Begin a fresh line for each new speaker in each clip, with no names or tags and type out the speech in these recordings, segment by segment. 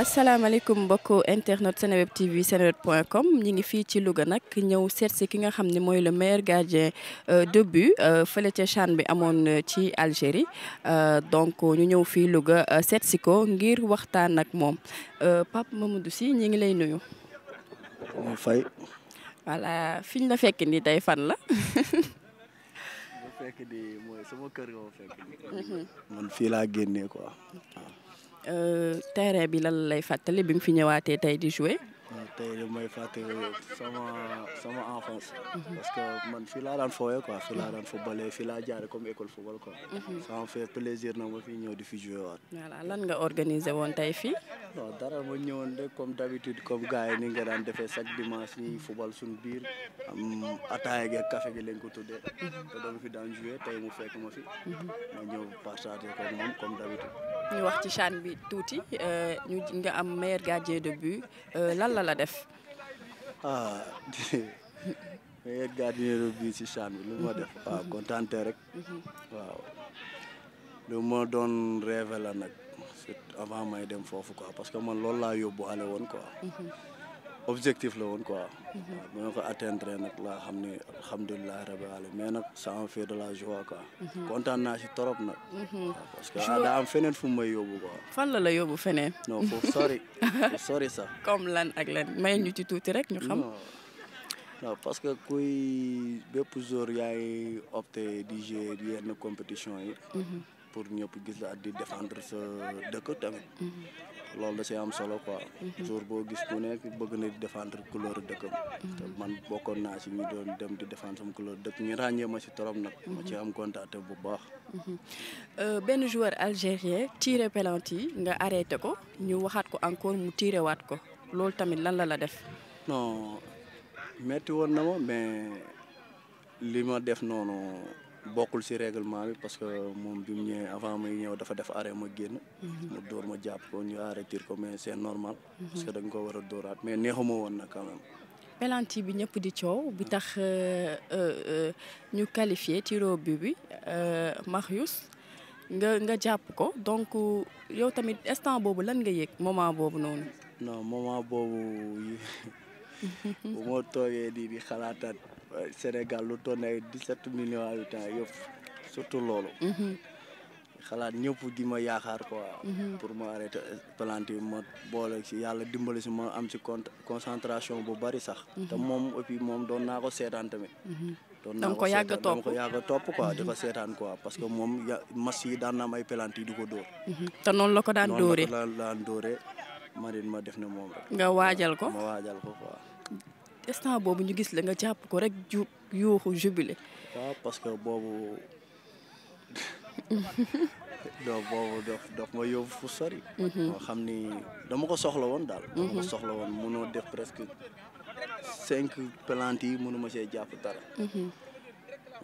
asalaamaaleykum mbokku internet seneweb tv seneweb point comme ñi ngi fii ci Louga nag ñëw seet ki nga xam ne mooy le meilleur gardien euh, de but euh, CHAN bi amoon euh, ci Algérie donc ñu ñëw fii Louga seet si ko ngir waxtaan ak moom Pape Mamadou Sy ñi ngi lay nuyu. fay. voilà fi ñu la fekk nii tey fan la.
fekk di mooy sama kër nga ma fekk. Mhm. man
fii laa génnee quoi. Euh, terrain bi lan lay fàttali bi mu fi ñëwaatee tey di jouer
tey de may fàtte sama sama mhm. parce que man fii daan fooyee quoi daan footballé fii jaare comme école football quoi. Mhm. ça m'a fait plaisir na ma fi ñëw di fi joué
waat. voilà lan nga organisé woon tey fii.
non dara ma ñëwoon rek comme d'habitude comme gars yi ni nga daan defee chaque dimanche ñuy football suñu biir am ataaya gi ak café gi ko tuddee. Mhm. te dama fi daan joué tey mu fekk ma fi. ma ñëw partagé ko ak
euh, nga am meilleur gardien de but euh, lan la la def.
ah mais gardien bi si chan bi lu ma def waaw kontaante rek waaw lu ma doon rêve la nag surtout avant may dem foofu quoi parce que man loolu laa yóbbu ale woon quoi. objectif la woon quoi. bu ma ko atteindre nag laa xam ne alhamdulilah rabbi alamin mais nag ça m'a de la joie quoi. Mhm. kontaan naa si trop nag.
Mhm. parce que daa am
feneen fu may yóbbu quoi.
fan la la yóbbu feneen. non foofu sori.
sori sax. comme lan ak lan may ñu ci
tuuti rek ñu xam.
parce que kuy bépp jour yaay opté di jouer yenn compétition yi. Mhm. pour ñëpp gis la at di sa dëkk tamit. loolu da ci am solo quoi. Mhm. jour boo gis ku nekk bëgg na di défendre couleur dëkkam. Mhm. man bokkoon naa ci ñu doon dem di défendre sama couleur dëkk ñu ràññee ma si torop nag. ma mhm. ci am contact bu baax.
Euh, benn joueur algérien tiré penalty nga arrêté ko ñu waxaat ko encore mu tiire waat ko loolu tamit lan la la def.
non metti woon na ma mais li ma def noonu. bokkul si réglement bi parce que moom bi mu ñëwee avant may ñëw dafa def arrêt ma génn. Mhm. mu dóor ma jàpp ko ñu arrêté ko mais c'est normal. Mhm. parce que da nga ko war a dóoraat mais neexuma woon na quand
même. bi ñëpp di coow bi tax euh, euh, euh, ñu qualifié tiro bi bi Marius nga nga jàpp ko donc yow tamit instant boobu lan nga yëg moment boobu noonu.
non moment boobu bu ma toogee di di xalaataat. Sénégal lu toll ay million millions habitants yëpp surtout loolu. Mhm. xalaat ñëpp di ma yaakaar koi mhm. pour ma arrêter plante yi ma boole si yàlla dimbali si ma am si con concentration bu bari sax. Mhm. te moom et moom doon naa ko seetaan tamit. doon na ko yàgg a topp ko topp quoi di ko seetaan quoi parce que moom ya mas yi daan na am ay yi di ko dóor.
te noonu la ko daan dóoree
noonu la ko ma def na moom rek. nga waajal ko ma
instant boobu ñu gis la nga jàpp ko rek ju yuuxu jubile.
waaw parce que boobu donc boobu daf daf ma yóbbu sori. Mhm. xam ni dama ko soxla woon daal. dama ko mhm. soxla woon def presque cinq plante yi mënuma see jàpp dara. Mhm.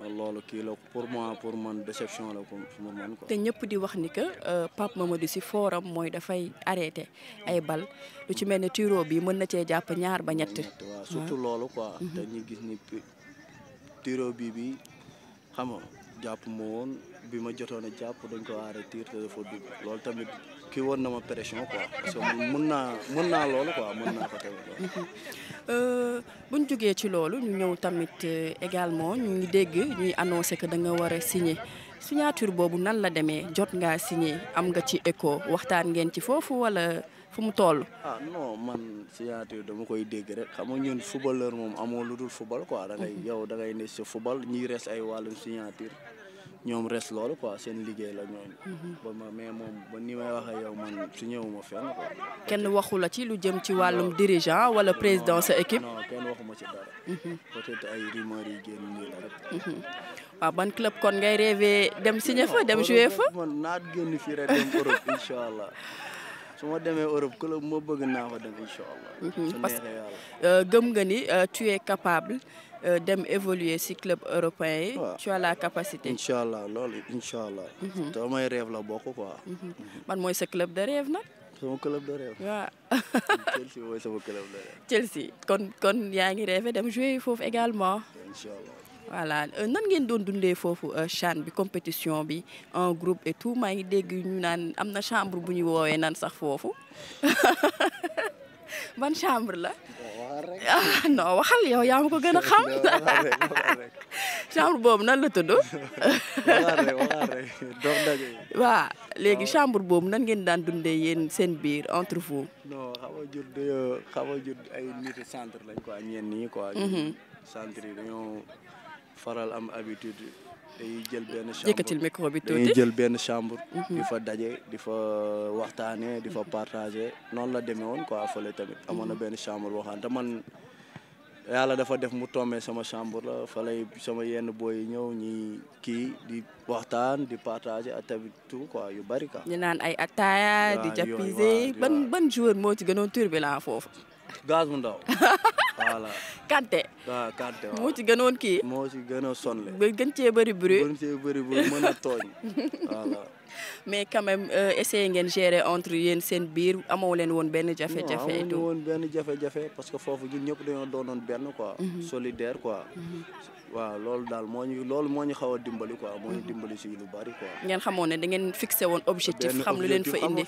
loolu kii la pour moi pour man déception la pour man quoi. te
ñëpp di wax ni que euh, Pape Mamadou Sy fooram mooy dafay arrêté ay bal lu ci mel ni turo bi mën na cee jàpp ñaar ba ñett. waaw surtout loolu
quoi. Mhm. te ñu gis ni turo bi bi xam jàpp moo bi ma jotoon a jàpp dañ ko arrêté te dafa dugg loolu tamit kii woon na ma pression quoi parce mën naa mën naa loolu ko mën naa ko tamit loolu.
Euh, bu ñu jógee ci loolu ñu ñëw tamit euh, également ñu ngi dégg ñuy annoncé que da nga war a signé signature boobu nan la demee jot ngaa signé am nga ci éco waxtaan ngeen ci foofu wala fu mu toll.
ah non man signature dama koy dégg rek xam nga ñun footballeur moom amoo lu dul football quoi da ngay yow da ngay ne sa football ñuy res ay wàllum signature. ñoom res loolu quoi seen liggéey la mhm. mais moom ba ni may waxee yow man su ñëwuma fenn quoi.
kenn waxu la ci lu jëm ci wàllum dirigeant wala président sa équipe. non kenn waxuma ci mhm.
ay rumeurs yi génn nii
la mhm. club kon ngay rêvé dem signé fa dem joué fa.
naat génn fii rek dem su ma demee Europe club moo bëgg naa fa dem incha allah.
Euh, gëm nga ni euh, tu capable. Euh, dem évoluer ci club européen yi. tu as la capacité. incha allah loolu incha allah. Mhm. te may mhm. Mhm. man mooy sa club de rêve nag.
sama club de rêve. waaw. Chelsea mooy sama club de rêve.
Chelsea kon kon yaa ngi rêvé dem jouer foofu également. incha allah. voilà euh, nan ngeen doon dundee foofu euh, CHAN bi compétition bi en groupe et tout maa ngi dégg ñu naan am na chambre bu ñu woowee naan sax foofu ban chambre la. ah non waxal yow yaa ma ko gën a xam. chambre boobu nan la tudd. waaw léegi chambre boobu nan ngeen daan dundee yéen seen biir entre vous.
non xaw a jur de xaw a jur ay nit centre lañ quoi ñenn quoi. Mhm. faral am habitude dañuy jël benn chambre yëkkatil bi tuuti jël benn chambre. Mhm. di fa daje di fa waxtaanee di fa partager noonu la demee woon quoi fële tamit mhm. amoon na benn chambre waxaan te man la dafa def mu tombé sama chambre la fa sama yenn booy ñëw ñii kii di waxtaan di partager ak tamit tout quoi yu bari quoi. ñu
naan ay ataaya di. jappise ban ban jour moo ci gënoon turbulent foofu. gaz bu ndaw. voilà Kanté. waaw Kanté moo ci gënoon kii. moo si gën a sonle. gën cee bëri bruit gën cee bëri bruit mën a tooñ. voilà. mais quand même euh, essayé ngeen gérer entre yéen seen biir amoo leen woon benn jafe-jafe. amoo woon
benn jafe parce que foofu ñun ñëpp dañoo doonoon benn quoi. Mhm. solidaire quoi. Mhm. waaw loolu daal moo ñu loolu moo ñu xaw a dimbali ko moo ñu mhm. dimbali si lu bari quoi.
ngeen xamoon ne da ngeen fixé woon objectif. xam lu leen fa indi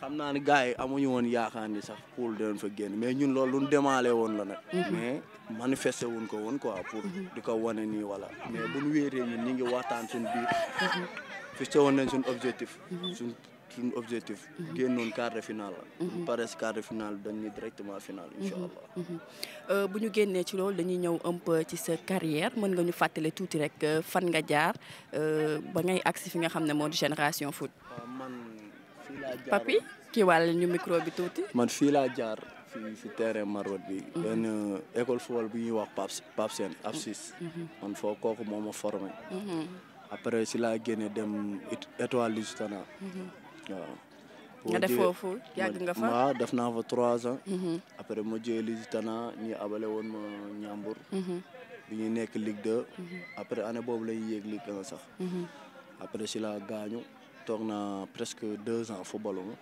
xam naa ne gars yi amuñu woon yaakaar ni sax pool dinañ fa génn mais ñun loolu lu ñu woon la nag. Mhm. mais manifesté wuñ ko woon quoi pour mhm. di ko wane nii wala mais bu ñu wéetee ñun ñu ngi waxtaan suñu biir. Mhm. fixé woon nañ suñu objectif. suñ suñu objectif. génnoon quart de finale la. pare si quart de dañuy directement finale incha
allah. Euh, bu ñu génnee ci loolu dañuy ñëw un ci sa carrière mën nga ñu fàttale tuuti rek euh, fan nga jaar euh, ba ngay agsi fi nga xam ne moo di génération papi kii wàll ñu micro bi tuuti.
man fii laa jaar fii si terrain bi. Mhm. benn école football bu ñuy wax Pape Pape Sène Apsis. Mhm. Mhm. man foo kooku moo ma formé. après si laa génne dem étoile Lusitana. waaw.
nga def foofu yàgg nga fa def
naa fa trois ans. après ma jëlee Lusitana ñi abale woon ma Ñambur. bi ñuy nekk Ligue 2. après année boobu la ñuy yéeg Ligue sax. après si laa gaañu. toog na presque deux ans footballuma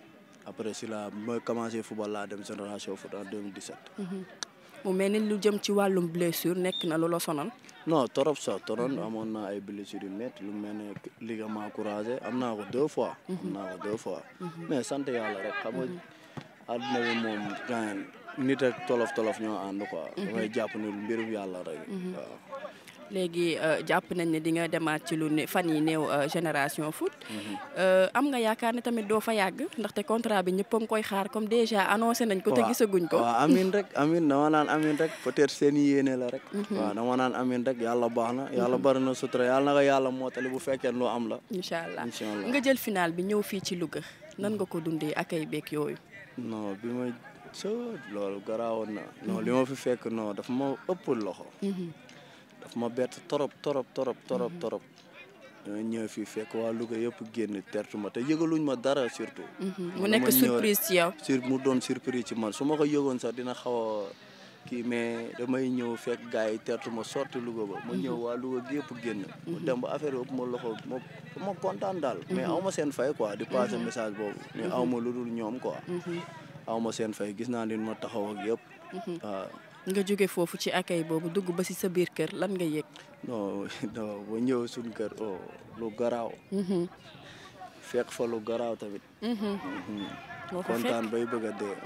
après si la ma commencé football laa dem génération foot en 2017.
Mm-hmm. mu mel lu jëm ci wàllum blessure nekk na loola sonal.
non torop sax toroon mm-hmm. amoon naa ay blessures yu métti lu mel ne ligament croisé am naa ko deux fois. Mm-hmm. am naa ko deux fois. mais sant yàlla rek xam nga bi moom nit ak tolof tolof ñoo ànd quoi. damay jàpp ne mbirum yàlla rek.
léegi euh, jàpp nañ ne di nga demaat ci lu ne fan yi néew euh, génération foot. Mhm. Euh, am nga yaakaar ne tamit doo fa yàgg ndaxte contrat bi ñëpp a ngi koy xaar comme déjà annoncé nañ ko. te gisaguñ ko waaw amin
rek amin dama naan amin rek peut-être seen la rek. Mhm. waaw dama naan amin rek yàlla baax na. yàlla mhm. bari na sutura yàlla na ko yàlla mootali bu fekkee loo am la. incha allah nga
jël final bi ñëw fii ci Louga nan nga ko dundee ak ay beeg yooyu.
non bi ma so loolu garaawoon na. non li ma fi fekk non dafa ma ëpp loxo. daf ma bett torop torop torop torop mhm. torop ñoo ñëw fii fekk waa Louga yëpp génn tertu ma te yëgaluñ ma dara surtout
mhm. mu nekk surprise ci
yow sur mu doon surprise ci man su ma ko yëgoon sax dina xaw a kii mais damay ñëw fekk gars yi tertu ma sorti Louga ba ma mhm. ñëw waa Louga gi yëpp génn mu dem ba affaire yëpp ma loxo ma ma kontaan daal mais aw ma seen fay quoi di passé message boobu mais aw ma lu dul ñoom quoi aw ma seen fay gis naa leen ma taxaw ak yëpp waaw ah.
nga jóge foofu ci accueil boobu dugg ba si sa biir kër lan nga yëg.
non non boo ñëwee kër oh lu garaaw. Mm-hmm. fekk fa lu garaaw tamit. Mm-hmm. Mm-hmm. kontaan bay bëgg a dee.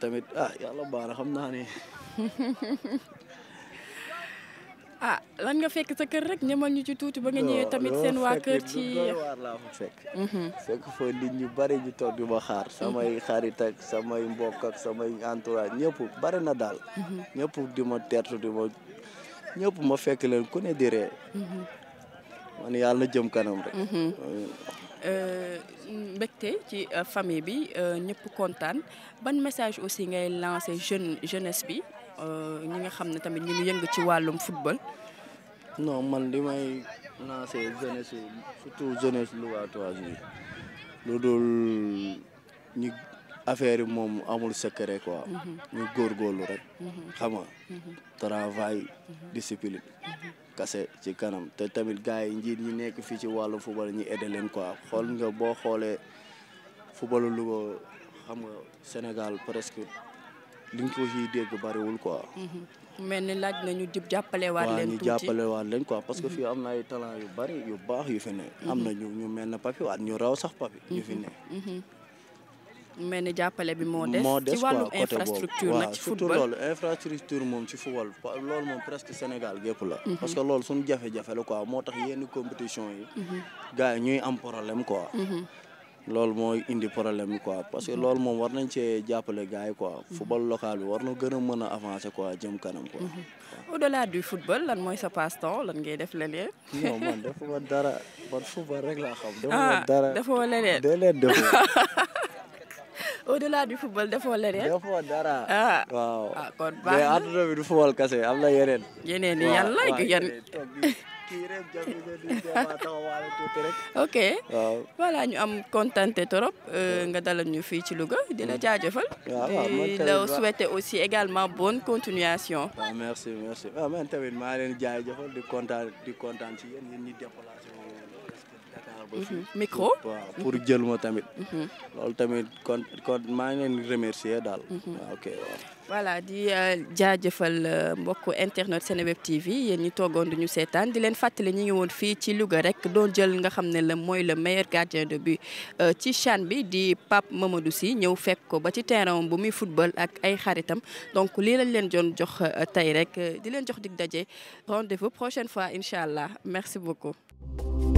tamit ah yàlla baax xam naa
ah lan nga fekk sa kër rek ñamal ñu ci tuuti ba nga ñëwee tamit seen waa kër ci
fekk mhm. fekk fa nit ñu bari ñu toog di ma xaar mhm. samay xarit ak samay mbokk ak samay entourage ñëpp bari na daal mhm. ma tertu di ma ñëpp ma fekk leen ku ne di ree man yàlla na jëm kanam rek
euh, mbégte ci euh, famille bi euh, ñëpp kontaan ban message aussi ngay lancé jeune jeunesse bi Euh, ñi nga xam ne tamit ñu yëngu ci wàllum football.
non man li may lancé jeunesse surtout jeunesse Lougaoise bi lu dul ñu affaire yi moom amul secret quoi. Mhm. ñu góorgóorlu rek. Mhm. xam nga mhm. travail discipline. kase ci kanam te tamit gars yi njiit ñi nekk fii ci wàllu football ñu aider leen quoi xool nga boo xoolee footballu Louga xam nga Sénégal li nga ko ciy dégg bariwul quoi.
Mhm. mel ni laaj na ñu jàppale waat leen tuuti ñu jàppale
waat leen quoi parce que mhm. fii am na ay talent yu bari yu baax yu fi ne. Mhm. am na ñu ñu mel ne papi waat ñu raw sax papi. ñu fi ne.
mel ni jàppale bi moo des. moo des quoi côté boobu waaw surtout loolu
infrastructure moom ci football lool moom presque Sénégal gépp la. parce que loolu suñu jafe-jafe la quoi moo tax yenn compétition yi. gars yi ñuy am problème quoi. loolu mooy indi problème bi quoi parce que mm-hmm. loolu moom war nañ cee jàppale gars yi quoi mm-hmm. football local bi war na gën a mën a avancer quoi jëm kanam quoi. Mm-hmm.
au delà du lan mooy sa passe lan ngay def leneen. non man defuma
dara man football rek
laa xam. defuma ah, dara defuma leneen leneen dara. ah waaw. ah kon baax na mais
àdduna bi du kase am na yeneen.
yeneen yi yan la yan. kii rek ok waaw ñu am contenté trop euh, nga dalal ñu fii ci Louga di la mm. jaajëfal. aussi également bonne continuation.
waaw merci merci waaw man tamit maa leen jaajëfal di kontaan di kontaan ci yéen yéen ñi déplacé Mhm. micro pour jël ma tamit. Mhm. loolu tamit kon kon maa ngi leen remercier daal. Mhm. Ah, ok waaw.
voilà di euh, jaajëfal euh, mbokku internet Seneweb TV yéen ñi toogoon du ñu seetaan di leen fàttali ñu ngi woon fii ci Louga rek doon jël nga xam ne la mooy le meilleur gardien de but euh, ci CHAN bi di Pape Mamadou Sy ñëw fekk ko ba ci terrain bu muy football ak ay xaritam donc lii lañ leen doon jox tey rek di leen jox dig daje rendez-vous prochaine fois incha allah merci beaucoup.